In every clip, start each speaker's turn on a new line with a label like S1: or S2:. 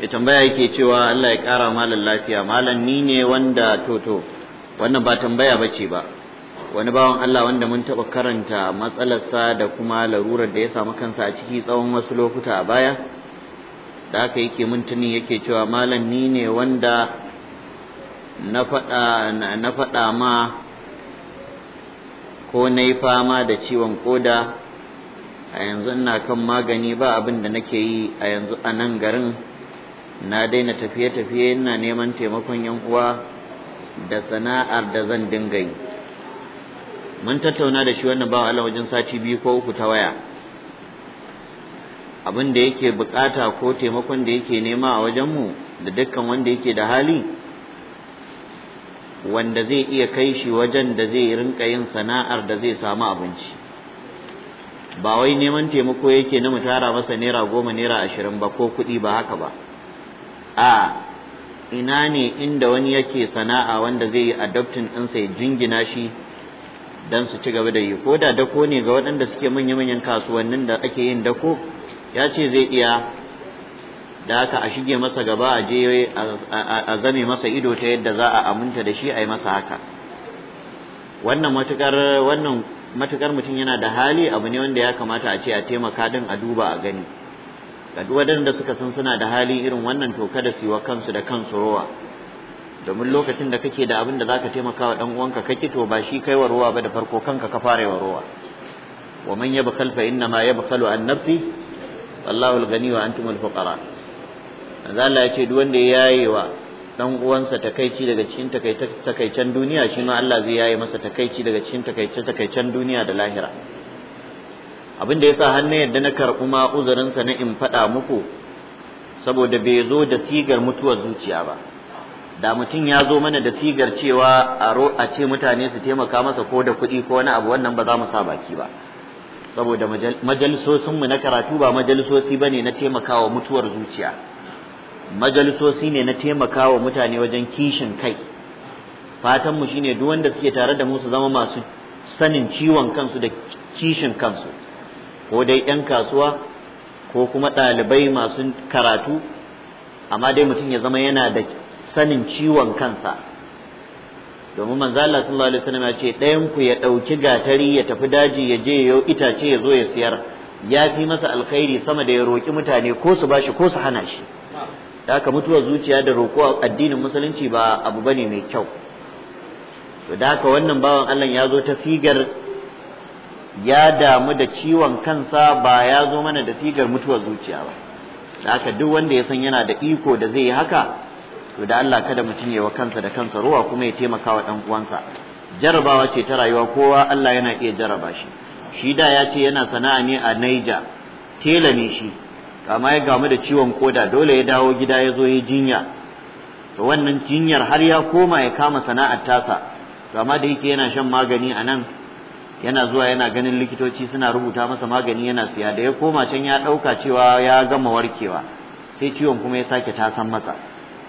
S1: ya tambaya yake cewa Allah ya kara malan lafiya malan ni ne wanda toto wannan ba tambaya bace ba wani bawan Allah wanda mun taɓa karanta matsalarsa da kuma larurar da ya samu kansa a ciki tsawon wasu lokuta a baya da haka yake mun tuni yake cewa malan ni ne wanda na faɗa na faɗa ma ko na yi fama da ciwon koda a yanzu ina kan magani ba abin da nake yi a yanzu a nan garin na daina tafiye-tafiye ina neman taimakon yan uwa da sana'ar da zan dinga yi mun tattauna da shi wannan bawa Allah wajen sati biyu ko uku ta waya abin da yake bukata ko taimakon da yake nema a wajenmu da dukkan wanda yake da hali wanda zai iya kai shi wajen da zai rinka yin sana'ar da zai samu abinci ba wai neman taimako yake na mu tara masa naira goma naira ashirin ba ko kuɗi ba haka ba a ina ne inda wani yake sana'a wanda zai yi adoptin ɗinsa ya jingina shi don su ci gaba da yi ko da dako ne ga waɗanda suke manya-manyan kasuwannin da ake yin dako ya ce zai iya da haka a shige masa gaba a je a zame masa ido ta yadda za a aminta da shi a yi masa haka wannan matukar wannan matukar mutum yana da hali abu ne wanda ya kamata a ce a taimaka din a duba a gani da suka san suna da hali irin wannan to kada su yi wa kansu da kansu rowa domin lokacin da kake da abin da zaka taimaka wa dan uwanka kake to ba shi kai wa rowa ba da farko kanka ka fara wa rowa wa man yabkhal fa inna ma yabkhalu an nafsi wallahu al-ghani wa al fuqara manzo Allah ya duk wanda ya yaye wa dan uwansa takaici daga cikin takaicen duniya shi ma Allah zai yaye masa takaici daga cikin takaice takaicen duniya da lahira Abinda da yasa har na yadda na karɓi ma uzurinsa na in faɗa muku saboda bai zo da sigar mutuwar zuciya ba da mutum ya zo mana da sigar cewa a ce mutane su taimaka masa ko da kuɗi ko wani abu wannan ba za mu sa baki ba saboda majalisosinmu na karatu ba majalisosi ba ne na taimakawa mutuwar zuciya majalisosi ne na taimakawa mutane wajen kishin kai fatanmu shine duk wanda suke tare da mu su zama masu sanin ciwon kansu da kishin kansu ko dai 'yan kasuwa ko kuma ɗalibai masu karatu amma dai mutum ya zama yana da sanin ciwon kansa domin manzo Allah sallallahu alaihi wasallam ya ce ɗayan ku ya ɗauki gatari ya tafi daji ya je yau itace ya zo ya siyar ya fi masa alkhairi sama da ya roƙi mutane ko su bashi ko su hana shi da haka mutuwar zuciya da roƙo addinin musulunci ba abu bane mai kyau to da haka wannan bawan Allah ya zo ta sigar ya damu da ciwon kansa ba ya zo mana da sigar mutuwar zuciya ba da haka duk wanda ya san yana da iko da zai yi haka to da Allah kada mutum ya wa kansa da kansa ruwa kuma ya taimaka wa dan uwansa jarabawa ce ta rayuwa kowa Allah yana iya jaraba shi shi da ya ce yana sana'a ne a Naija tela ne shi amma ya gamu da ciwon koda dole ya dawo gida ya zo ya jinya to wannan jinyar har ya koma ya kama sana'ar tasa to amma da yake yana shan magani a nan yana zuwa yana ganin likitoci suna rubuta masa magani yana siya da ya koma can ya ɗauka cewa ya gama warkewa sai ciwon kuma ya sake tasan masa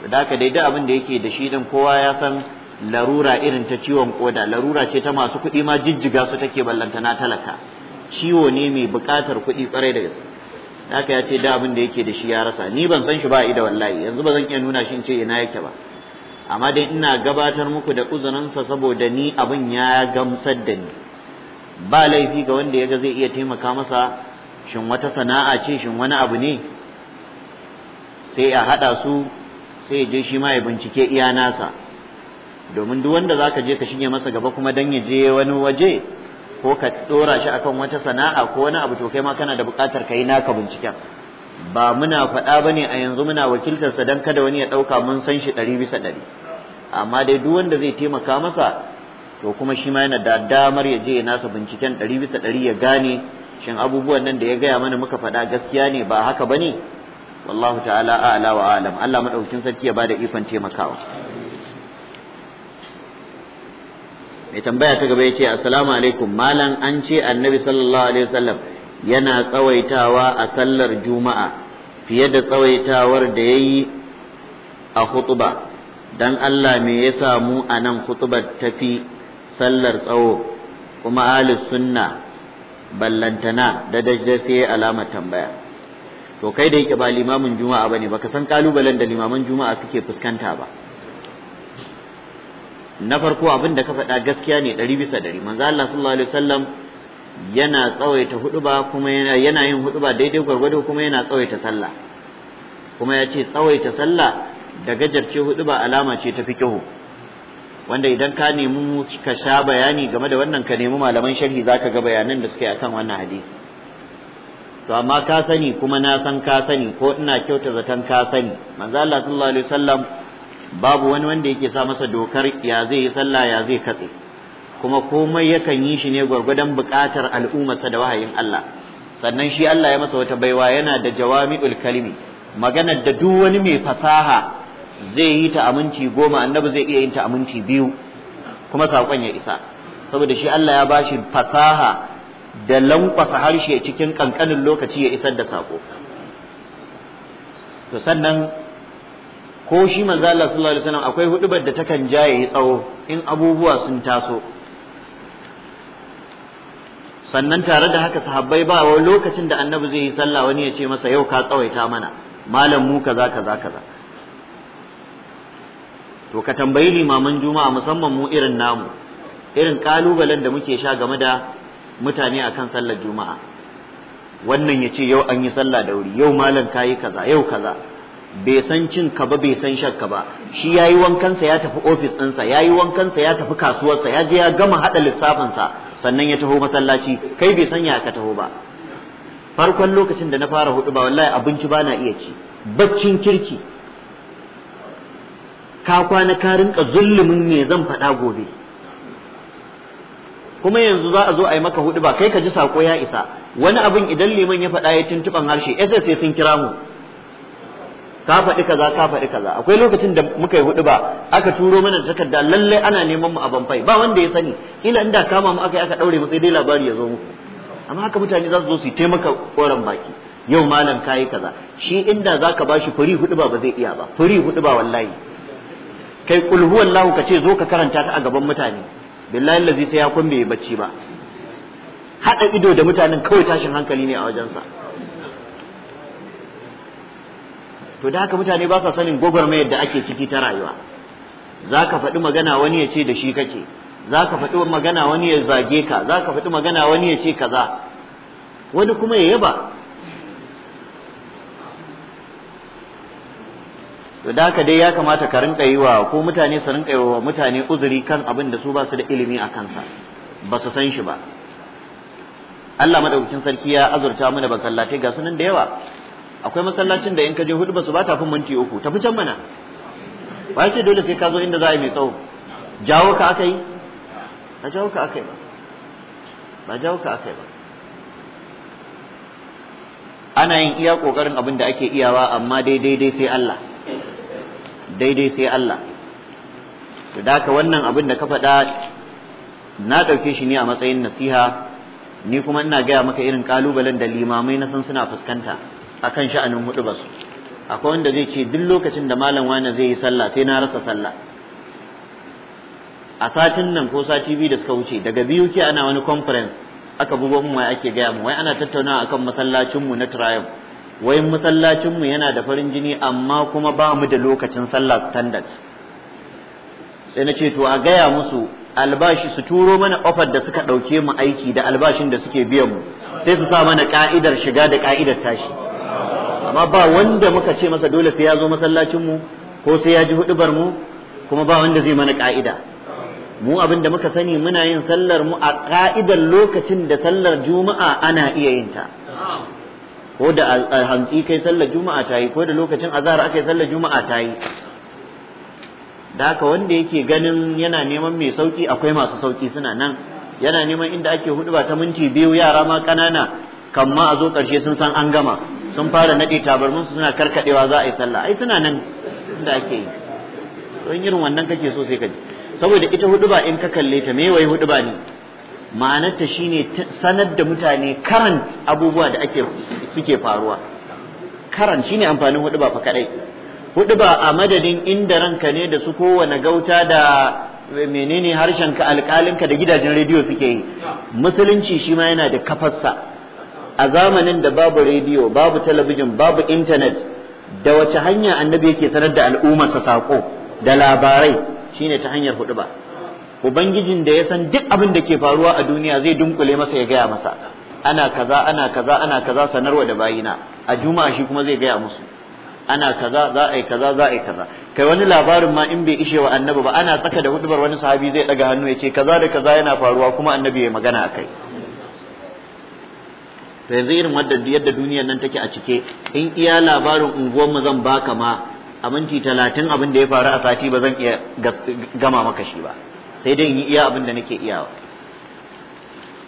S1: da haka dai duk abin da yake da shi din kowa ya san larura irin ta ciwon koda larura ce ta masu kuɗi ma jijjiga su take ballanta na talaka ciwo ne mai buƙatar kuɗi kwarai da gaske da haka ya ce da abin da yake da shi ya rasa ni ban san shi ba ida wallahi yanzu ba zan iya nuna shi in ce ina yake ba amma dai ina gabatar muku da uzurinsa saboda ni abin ya gamsar da ni ba laifi ga wanda yaga zai iya taimaka masa shin wata sana'a ce shin wani abu ne sai a haɗa su sai ya je shi ma ya bincike iya nasa domin duk wanda zaka je ka shige masa gaba kuma dan ya je wani waje ko ka dora shi akan wata sana'a ko wani abu to kai ma kana da buƙatar kai naka binciken ba muna faɗa bane a yanzu muna wakiltar sa dan kada wani ya ɗauka mun san shi ɗari bisa ɗari amma dai duk wanda zai taimaka masa to kuma shi ma yana da damar ya je ya nasa binciken ɗari bisa ɗari ya gane shin abubuwan nan da ya gaya mana muka faɗa gaskiya ne ba haka ba ne wallahu ta'ala a'la wa alam Allah madaukakin sarki ya bada ikon taimakawa mai tambaya ta gaba yace assalamu alaikum malam an ce annabi sallallahu alaihi wasallam yana tsawaitawa a sallar juma'a fiye da tsawaitawar da yayi a hutuba dan Allah me ya mu anan hutubar tafi sallar tsawo kuma ahli sunna ballantana da dajjal sai alamar tambaya to kai da yake ba limamin juma'a bane baka san kalubalen da limaman juma'a suke fuskanta ba na farko abin da ka faɗa gaskiya ne ɗari bisa ɗari manzo Allah sallallahu alaihi wasallam yana tsawaita huduba kuma yana yin huduba daidai gwargwado kuma yana tsawaita sallah kuma ya ce tsawaita sallah da gajarce huduba alama ce ta fi fiqihu wanda idan ka nemi ka sha bayani game da wannan ka nemi malaman sharhi ka ga bayanan da suke kan wannan hadisi to amma ka sani kuma na san ka sani ko ina kyauta zaton ka sani manzo Allah sallallahu alaihi wasallam babu wani wanda yake sa masa dokar ya zai yi sallah ya zai katse kuma komai yakan yi shi ne gwargwadon buƙatar al'ummarsa da wahayin Allah sannan shi Allah ya masa wata baiwa yana da jawami'ul kalimi maganar da duk wani mai fasaha zai yi ta aminci goma annabi zai iya yin ta aminci biyu kuma saƙon ya isa saboda shi Allah ya bashi fasaha da lankwasa harshe cikin ƙanƙanin lokaci ya isar da sako to sannan ko shi manzo Allah sallallahu alaihi wasallam akwai hudubar da takan ja yayi tsawo in abubuwa sun taso sannan tare da haka sahabbai ba wani lokacin da annabi zai yi sallah wani ya ce masa yau ka tsawaita mana malam mu kaza kaza kaza to ka tambayi limaman juma'a musamman mu irin namu irin kalubalen da muke sha game da mutane akan sallar juma'a wannan ya ce yau an yi sallah da wuri yau malam kayi kaza yau kaza bai san cin ka ba bai san shakka ba shi yayi wankansa ya tafi ofis ɗinsa yayi wankansa ya tafi kasuwarsa ya je ya gama haɗa lissafinsa sannan ya taho masallaci kai bai san ya ka taho ba farkon lokacin da na fara hudu ba wallahi abinci ba na iya ci baccin kirki ka kwana ka rinka zullumin me zan faɗa gobe kuma yanzu za a zo a yi maka hudu ba kai ka ji sako ya isa wani abin idan liman ya faɗa ya tuntuɓan harshe sai sun kira mu ka faɗi kaza ka faɗi kaza akwai lokacin da muka yi hudu ba aka turo mana takarda lalle ana neman mu a banfai ba wanda ya sani kila inda kama mu aka yi aka daure mu sai dai labari ya zo muku amma haka mutane za su zo su yi taimaka koren baki yau malam kayi kaza shi inda zaka bashi furi hudu ba ba zai iya ba furi hudu ba wallahi kai kul huwallahu kace zo ka karanta ta a gaban mutane billahi allazi sai ya kun bai bacci ba hada ido da mutanen kawai tashin hankali ne a wajensa to da haka mutane ba sa sanin gwagwarmayar da ake ciki ta rayuwa za ka faɗi magana wani ya ce da shi kake za ka faɗi magana wani ya zage ka za ka faɗi magana wani ya ce kaza wani kuma ya yaba to da haka dai ya kamata ka rinka yi wa ko mutane su rinka yi wa mutane uzuri kan abin da su ba su da ilimi a kansa ba su san shi ba Allah madaukakin sarki ya azurta mana masallatai ga sunan da yawa akwai masallacin da in ka je hudu ba su ba ta fin minti uku tafi can mana ba ce dole sai ka zo inda za a yi mai tsawo jawo ka aka yi ba jawo ka aka yi ba ba jawo ka aka yi ba ana yin iya kokarin abin da ake iyawa amma dai dai sai Allah daidai sai Allah to daka wannan abin da ka faɗa na ɗauke shi ne a matsayin nasiha ni kuma ina gaya maka irin kalubalen da limamai na san suna fuskanta akan sha'anin hudu basu akwai wanda zai ce duk lokacin da malam wani zai yi sallah sai na rasa sallah a satin nan ko sati biyu da suka wuce daga biyu ke ana wani conference aka bugo mun wai ake gaya mu wai ana tattaunawa akan masallacin mu na Triumph wai masallacinmu yana da farin jini amma kuma ba mu da lokacin sallah standard sai na ce to a gaya musu albashi su turo mana ofar da suka ɗauke mu aiki da albashin da suke biyan mu sai su sa mana ka'idar shiga da ka'idar tashi amma ba wanda muka ce masa dole sai ya zo mu ko sai ya ji hudubar mu kuma ba wanda zai mana ka'ida mu abin da muka sani muna yin sallar mu a ka'idar lokacin da sallar juma'a ana iya yin ta ko da hantsi kai sallar juma'a ta yi ko da lokacin azhar aka yi sallar juma'a ta yi da haka wanda yake ganin yana neman mai sauki akwai masu sauki suna nan yana neman inda ake hudu ba ta minti biyu yara ma kanana kan ma a zo karshe sun san an gama sun fara nade tabarmin su suna karkadewa za a yi sallah ai suna nan inda ake yi to irin wannan kake so sai ka ji saboda ita hudu ba in ka kalle ta me wai hudu ba ne ma'anarta shine sanar da mutane karan abubuwa da ake suke faruwa karan shine amfanin hudu ba fa kadai hudu ba a madadin inda ranka ne da su kowane gauta da eh, menene harshen ka alƙalinka da gidajen rediyo suke yi musulunci shi ma yana da kafarsa a zamanin da babu rediyo babu talabijin babu intanet da wace hanya annabi yake sanar da al'ummarsa sako da labarai shine ta hanyar hudu ba ubangijin da ya san duk abin da ke faruwa a duniya zai dunkule masa ya gaya masa ana kaza ana kaza ana kaza sanarwa da bayina a juma'a shi kuma zai gaya musu ana kaza za a yi kaza za a yi kaza kai wani labarin ma in bai ishe wa annabi ba ana tsaka da hudubar wani sahabi zai daga hannu ya ce kaza da kaza yana faruwa kuma annabi ya magana a kai. yanzu irin yadda duniyar nan take a cike in iya labarin unguwar mu zan baka ma a minti talatin abin da ya faru a sati ba zan iya gama maka shi ba sai dai in yi iya abin da nake iyawa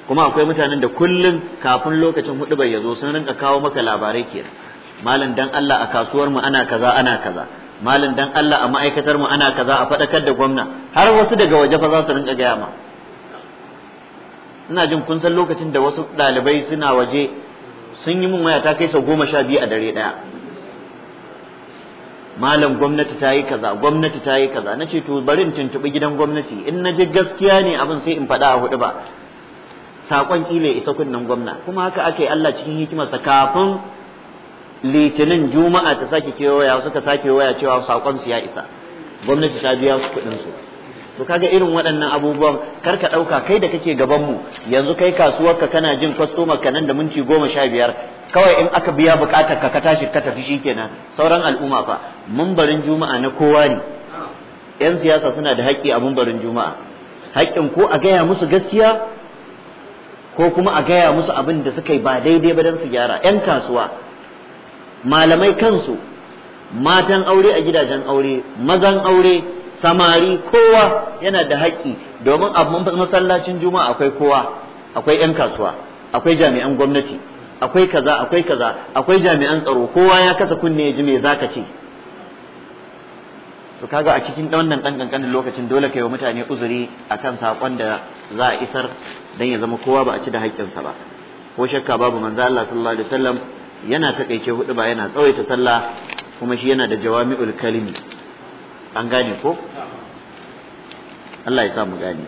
S1: kuma akwai mutanen da kullun kafin lokacin hudu bai yazo sun rinka kawo maka labarai ke malam dan Allah a kasuwar mu ana kaza ana kaza malam dan Allah a ma'aikatar mu ana kaza a fadakar da gwamna har wasu daga waje fa za su rinka gaya ma ina jin kun san lokacin da wasu ɗalibai suna waje sun yi min waya ta kai sau goma sha biyu a dare daya malam gwamnati ta yi kaza gwamnati ta yi kaza na ce to bari in tuntuɓi gidan gwamnati in na ji gaskiya ne abin sai in faɗa a hudu ba saƙon kila isa kunnan gwamna kuma haka aka yi Allah cikin hikimarsa kafin litinin juma'a ta sake kewaya suka sake waya cewa saƙon su ya isa gwamnati ta biya su kuɗin su to kaga irin waɗannan abubuwan kar ka ɗauka kai da kake gaban mu yanzu kai kasuwar ka kana jin kwastomar ka nan da minti goma sha biyar kawai in aka biya buƙatar ka ka tashi ka tafi shikenan sauran al'umma fa mumbarin juma'a na kowa ne yan siyasa suna da haƙƙi a mumbarin juma'a haƙƙin ko a gaya musu gaskiya ko kuma a gaya musu abin da suka yi ba daidai ba don su gyara yan kasuwa malamai kansu matan aure a gidajen aure mazan aure samari kowa yana da haƙƙi domin a masallacin juma'a akwai kowa akwai 'yan kasuwa akwai jami'an gwamnati akwai kaza akwai kaza akwai jami'an tsaro kowa ya kasa kunne ya ji me zaka ce to kaga a cikin wannan dan kankanin lokacin dole kai wa mutane uzuri akan sakon da za a isar dan ya zama kowa ba a ci da haƙƙinsa ba ko shakka babu manzo Allah sallallahu alaihi wasallam yana takaice hudu ba yana tsawaita sallah kuma shi yana da jawami'ul kalimi an gane ko Allah ya sa mu gani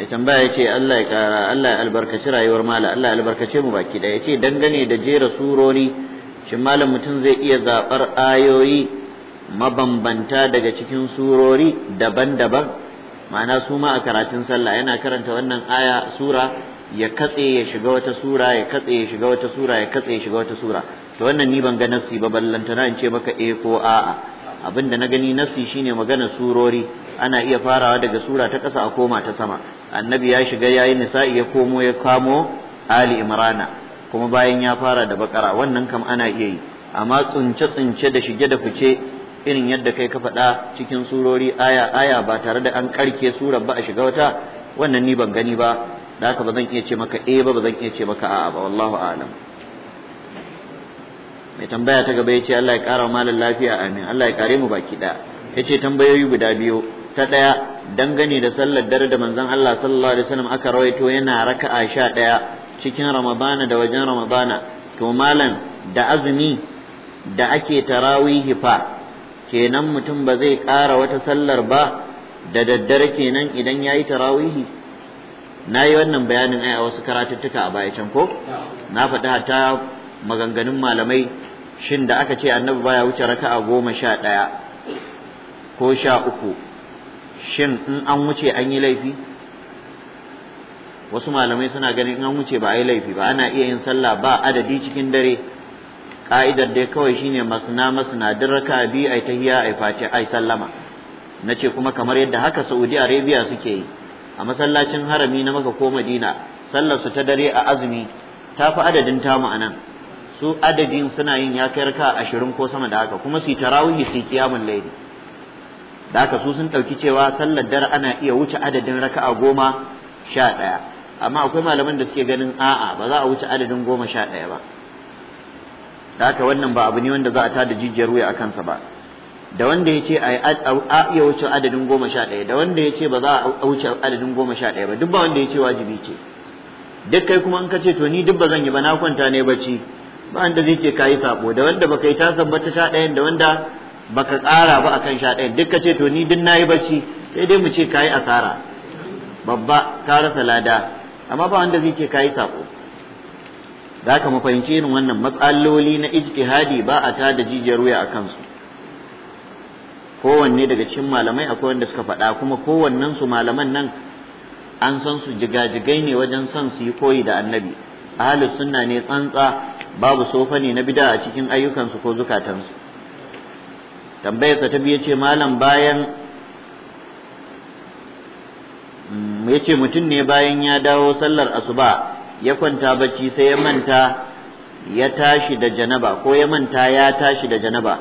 S1: ya tambaya ya ce Allah ya kara Allah ya albarkaci rayuwar mala Allah ya albarkace mu baki da ya ce dangane da jera surori shin malam mutum zai iya zaɓar ayoyi mabambanta daga cikin surori daban-daban ma'ana su ma a karatun sallah yana karanta wannan aya sura ya katse ya shiga wata sura ya katse ya shiga wata sura ya katse ya shiga wata sura to wannan ni ban ga nassi ba ballantana in ce maka eh ko a'a abin da na gani nassi shine magana surori ana iya farawa daga sura ta kasa a koma ta sama annabi ya shiga yi nisa'i ya komo ya kamo ali imrana kuma bayan ya fara da bakara wannan kam ana iya yi amma tsunce tsunce da shige da fice irin yadda kai ka faɗa cikin surori aya aya ba tare da an karke surar ba a shiga wata wannan ni ban gani ba da haka ba zan iya ce maka eh ba ba zan iya ce maka a'a ba wallahu a'lam mai tambaya ta gaba yace Allah ya kara malan lafiya amin Allah ya kare mu baki daya yace tambayoyi guda biyu ta daya dangane da sallar dare da manzon Allah sallallahu alaihi wasallam aka rawaito yana raka'a sha daya cikin Ramadana da wajen Ramadana to malam da azumi da ake tarawihi fa kenan mutum ba zai ƙara wata sallar ba da daddare kenan idan yayi tarawihi na yi wannan bayanin ai a wasu karatuttuka a baya ko na faɗi hatta maganganun malamai shin da aka ce annabi baya wuce raka'a goma sha ɗaya ko sha uku shin in an wuce an yi laifi wasu malamai suna ganin in an wuce ba a yi laifi ba ana iya yin sallah ba adadi cikin dare ka'idar dai kawai shine masna masna duk raka biyu ai tahiya ai fati ai sallama nace kuma kamar yadda haka Saudi Arabia suke yi a masallacin harami na maka ko Madina sallar su ta dare a azumi ta fi adadin tamu a nan. su adadin suna yin ya kai raka ashirin ko sama da haka kuma su tarawih su kiyamul layli da haka su sun ɗauki cewa sallar dare ana iya wuce adadin raka'a goma sha ɗaya amma akwai malaman da suke ganin a'a ba za a wuce adadin goma sha ɗaya ba da haka wannan ba abu ne wanda za a tada jijiyar wuya a kansa ba da wanda ya ce a iya wuce adadin goma sha ɗaya da wanda ya ce ba za a wuce adadin goma sha ɗaya ba duk ba wanda ya ce wajibi ce duk kai kuma in ka ce to ni duk ba zan yi ba na kwanta ne bacci ba wanda zai ce kayi sabo da wanda baka yi tasan ba ta sha ɗayan da wanda baka ƙara ba akan sha ɗayan duk ka ce to ni duk nayi bacci sai dai mu ce kayi asara babba ka rasa lada amma ba wanda zai ce kayi sabo da ka mafahimci fahimci irin wannan matsaloli na ijtihadi ba a ta da jijiyar wuya a kansu kowanne daga cikin malamai akwai wanda suka faɗa kuma kowannen su malaman nan an san su jigajigai ne wajen son su yi koyi da annabi ahlus sunna ne tsantsa babu sofani na bid'a a cikin ayyukansu ko zukatansu tambayarsa ta biyu ce malam bayan mm, ya ce mutum ne bayan ya dawo sallar asuba ya kwanta bacci sai ya manta ya tashi da janaba ko ya manta ya tashi da janaba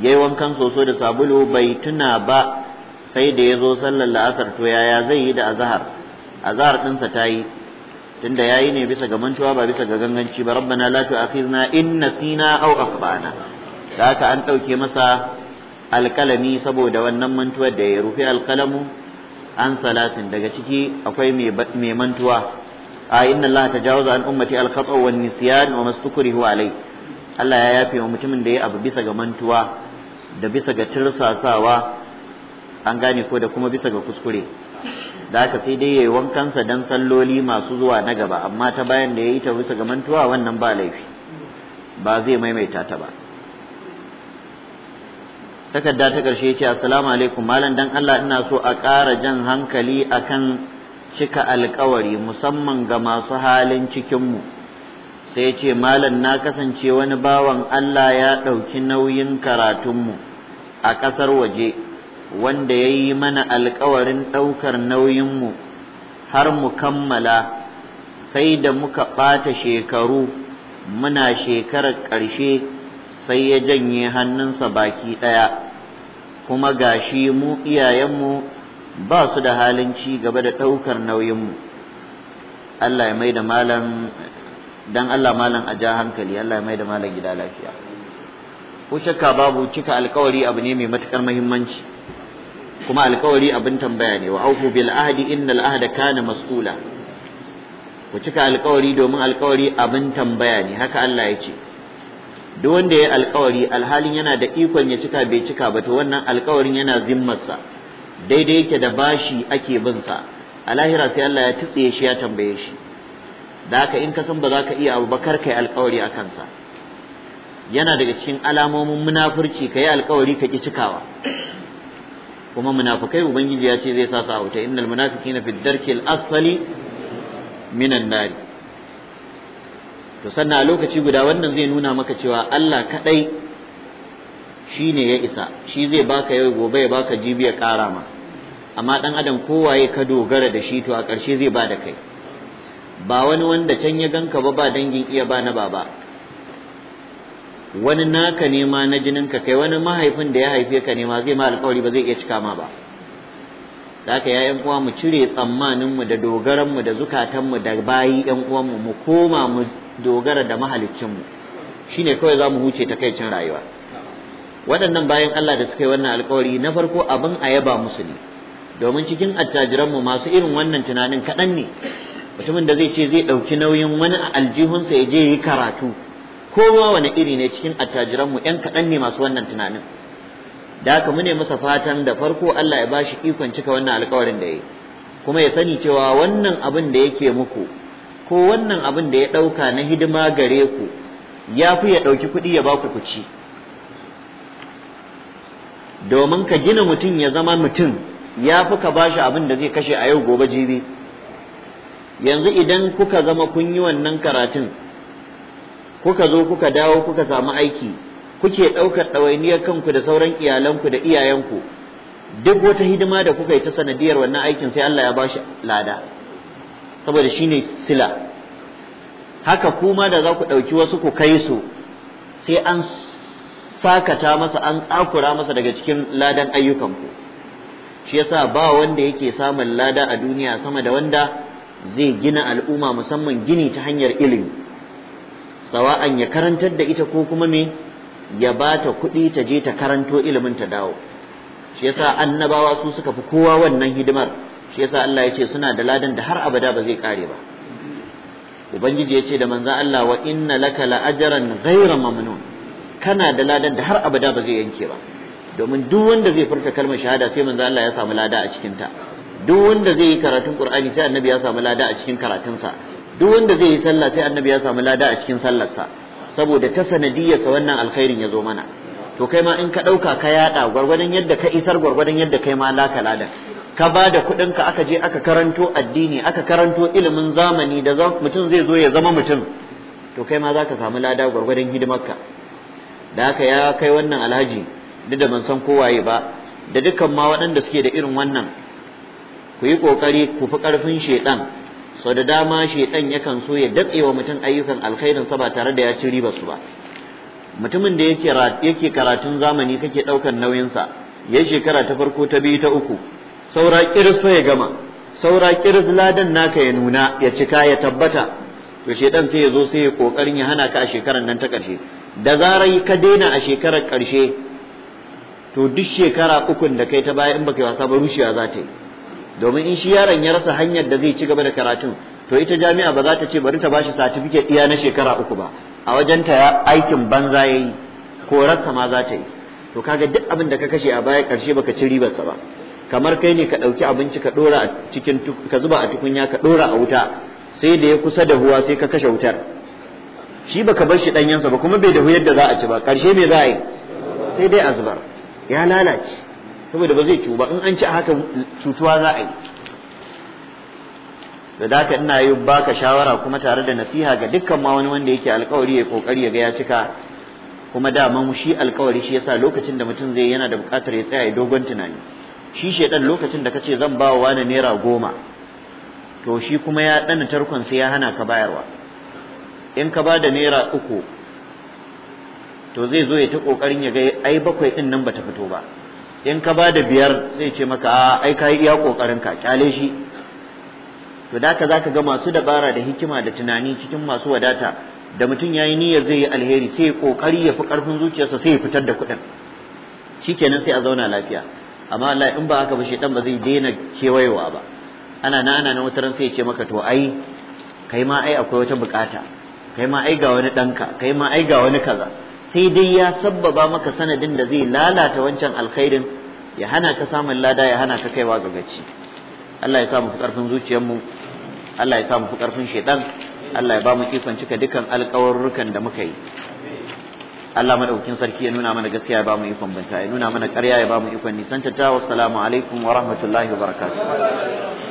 S1: ya yi wankan soso da sabulu bai tuna ba sai da ya zo sallar la'asar to yaya zai yi da azahar azahar ɗinsa ta yi tunda yayi ne bisa ga mantuwa ba bisa ga ganganci ba rabbana la tu'akhirna in nasina aw akhtana haka an dauke masa alkalami saboda wannan mantuwar da ya rufe alkalamu an salasin daga ciki akwai mai mantuwa a inna allaha tajawaza an ummati alkhata wan nisyan wa mastukrihu alai Allah ya yafe wa mutumin da ya abu bisa ga mantuwa da bisa ga tirsasawa an gane ko da kuma bisa ga kuskure da haka sai dai yayi wankansa dan salloli masu zuwa na gaba amma ta bayan da yayi ta bisa ga mantuwa wannan ba laifi ba zai maimaita ta ba takarda ta ƙarshe ce assalamu alaikum malam dan Allah ina so a ƙara jan hankali akan cika alƙawari musamman ga masu halin cikinmu sai ce malam na kasance wani bawan Allah ya ɗauki nauyin karatunmu a ƙasar waje wanda ya yi mana alkawarin ɗaukar nauyinmu har mu kammala sai da muka ɓata shekaru muna shekarar ƙarshe sai ya janye hannunsa baki ɗaya kuma ga shi mu iyayenmu ba su da halin ci gaba da ɗaukar nauyinmu Allah ya mai da malam dan Allah malam a ja hankali Allah ya mai da malam gida lafiya ko shakka babu cika alkawari abu ne mai matukar muhimmanci kuma alkawari abin tambaya ne wa aufu bil ahdi innal ahda kana mas'ula ku cika alkawari domin alkawari abin tambaya ne haka Allah ya ce duk wanda ya alkawari alhalin yana da ikon ya cika bai cika ba to wannan alkawarin yana zimmarsa daidai yake da bashi ake bin sa a lahira sai Allah ya tutse shi ya tambaye shi da haka in ka san ba za ka iya abu ba kar kai alkawari a kansa yana daga cikin alamomin munafurci ka yi alkawari ka ki cikawa kuma munafikai ubangiji ya ce zai sa su a wuta innal munafiqina fi darkil asfali minan nar to sannan a lokaci guda wannan zai nuna maka cewa Allah kadai shine ya isa shi zai baka yau gobe ya baka jibi ya kara ma amma dan adam kowaye ka dogara da shi to a ƙarshe zai ba da kai ba wani wanda can ya ganka ba ba dangin iya ba na baba wani naka nema ma na ka kai wani mahaifin da ya haife ka nema ma zai ma alƙawari ba zai iya cika ma ba da haka ya uwa mu cire tsammanin tsammaninmu da dogaranmu da zukatanmu da bayi 'yan uwanmu mu koma mu dogara da mahaliccinmu shine kawai za mu huce takaicin rayuwa waɗannan bayan Allah da suka yi wannan alƙawari na farko abin a yaba musu ne domin cikin attajiran mu masu irin wannan tunanin kaɗan ne mutumin da zai ce zai ɗauki nauyin wani a aljihunsa ya je yi karatu kowa wani iri ne cikin attajiranmu ‘yan kaɗan ne masu wannan tunanin da haka mune masa fatan da farko Allah ya bashi ikon cika wannan alkawarin da ya yi kuma ya sani cewa wannan abin da yake muku ko wannan abin da ya ɗauka na hidima gare ku ya fi ya ɗauki kuɗi ya ba ku kuci domin ka gina mutum ya zama mutum ya fi ka bashi abin da zai kashe a yau gobe jibi yanzu idan kuka zama kun yi wannan karatun kuka zo kuka dawo kuka samu aiki kuke ɗaukar ɗawainiyar kanku da sauran iyalanku da iyayenku duk wata hidima da kuka yi ta sanadiyar wannan aikin sai Allah ya bashi lada saboda shine sila haka kuma da za ku ɗauki wasu ku kai su sai an sakata masa an tsakura masa daga cikin ladan ayyukanku shi yasa ba wanda yake samun lada a duniya sama da wanda zai gina al'umma musamman gini ta hanyar ilimi sawa'an ya karantar da ita ko kuma me ya bata ta kuɗi ta je ta karanto ilimin ta dawo shi yasa annabawa su suka fi kowa wannan hidimar shi yasa Allah ya ce suna da ladan da har abada ba zai kare ba ubangiji ya ce da manzo Allah wa inna laka la ajran ghayra mamnun kana da ladan da har abada ba zai yanke ba domin duk wanda zai furta kalmar shahada sai manzo Allah ya samu lada a cikin ta duk wanda zai yi karatun Qur'ani sai annabi ya samu lada a cikin karatunsa duk wanda zai yi sallah sai annabi ya samu lada a cikin sallarsa saboda ta sanadiyarsa wannan alkhairin ya zo mana to kai ma in ka ɗauka ka yaɗa gwargwadon yadda ka isar gwargwadon yadda kai ma laka ladan ka ba da kuɗinka aka je aka karanto addini aka karanto ilimin zamani da mutum zai zo ya zama mutum to kai ma za ka samu lada gwargwadon hidimarka da haka ya kai wannan alhaji duk da ban san kowaye ba da dukkan ma waɗanda suke da irin wannan ku yi ƙoƙari ku fi ƙarfin shaiɗan sau da dama shaitan yakan so ya datse wa mutum ayyukan alkhairin sa ba tare da ya ci ribar su ba mutumin da yake yake karatun zamani kake daukan nauyin sa ya shekara ta farko ta biyu ta uku saura kiris ya gama saura kiris ladan naka ya nuna ya cika ya tabbata to shaitan sai ya zo sai ya kokarin ya hana ka a shekarar nan ta karshe da zarai ka daina a shekarar karshe to duk shekara ukun da kai ta baya in baka yi wasa ba rushewa za ta yi domin in shi yaron ya rasa hanyar da zai ci gaba da karatun to ita jami'a ba za ta ce bari ta ba shi certificate iya na shekara uku ba a wajen ta aikin banza yayi korarsa ma za ta yi to kaga duk abin da ka kashe a baya karshe baka ci ribarsa ba kamar kai ne ka ɗauki abinci ka ɗora a cikin ka zuba a tukunya ka ɗora a wuta sai da ya kusa da huwa sai ka kashe wutar shi baka bar shi ɗanyensa ba kuma bai dahu yadda za a ci ba karshe me za a yi sai dai a zubar ya lalace saboda ba zai ciwu ba in an ci a haka cutuwa za a yi da daka ina yi baka shawara kuma tare da nasiha ga dukkan ma wani wanda yake alkawari ya kokari ya ga ya cika kuma dama shi alkawari shi yasa lokacin da mutum zai yana da bukatar ya tsaya ya dogon tunani shi shedan lokacin da kace zan ba wa ne naira goma to shi kuma ya dana tarkon sai ya hana ka bayarwa in ka ba da naira uku to zai zo ya ta kokarin ya ga ai bakwai din nan bata fito ba in ka ba da biyar zai ce maka a ai ka iya kokarin ka kyale shi to da ka zaka ga masu dabara da hikima da tunani cikin masu wadata da mutum yayi niyyar zai yi alheri sai ya kokari ya fi karfin zuciyarsa sai ya fitar da kuɗin shikenan sai a zauna lafiya amma Allah in ba haka ba dan ba zai daina kewayewa ba ana na ana na wataran sai ya ce maka to ai kai ma ai akwai wata bukata kai ma ai ga wani danka kai ma ai ga wani kaza sai dai ya sabbaba maka sanadin da zai lalata wancan alkhairin ya hana ka samun lada ya hana ka kaiwa ga gaci Allah ya sa mu fi karfin zuciyarmu Allah ya sa mu fi karfin shaidan Allah ya ba mu ikon cika dukan alƙawarrukan da muka yi Allah madaukin sarki ya nuna mana gaskiya ya ba mu ikon banta ya nuna mana ƙarya ya ba mu ikon nisantata wassalamu alaikum wa rahmatullahi wa barakatuh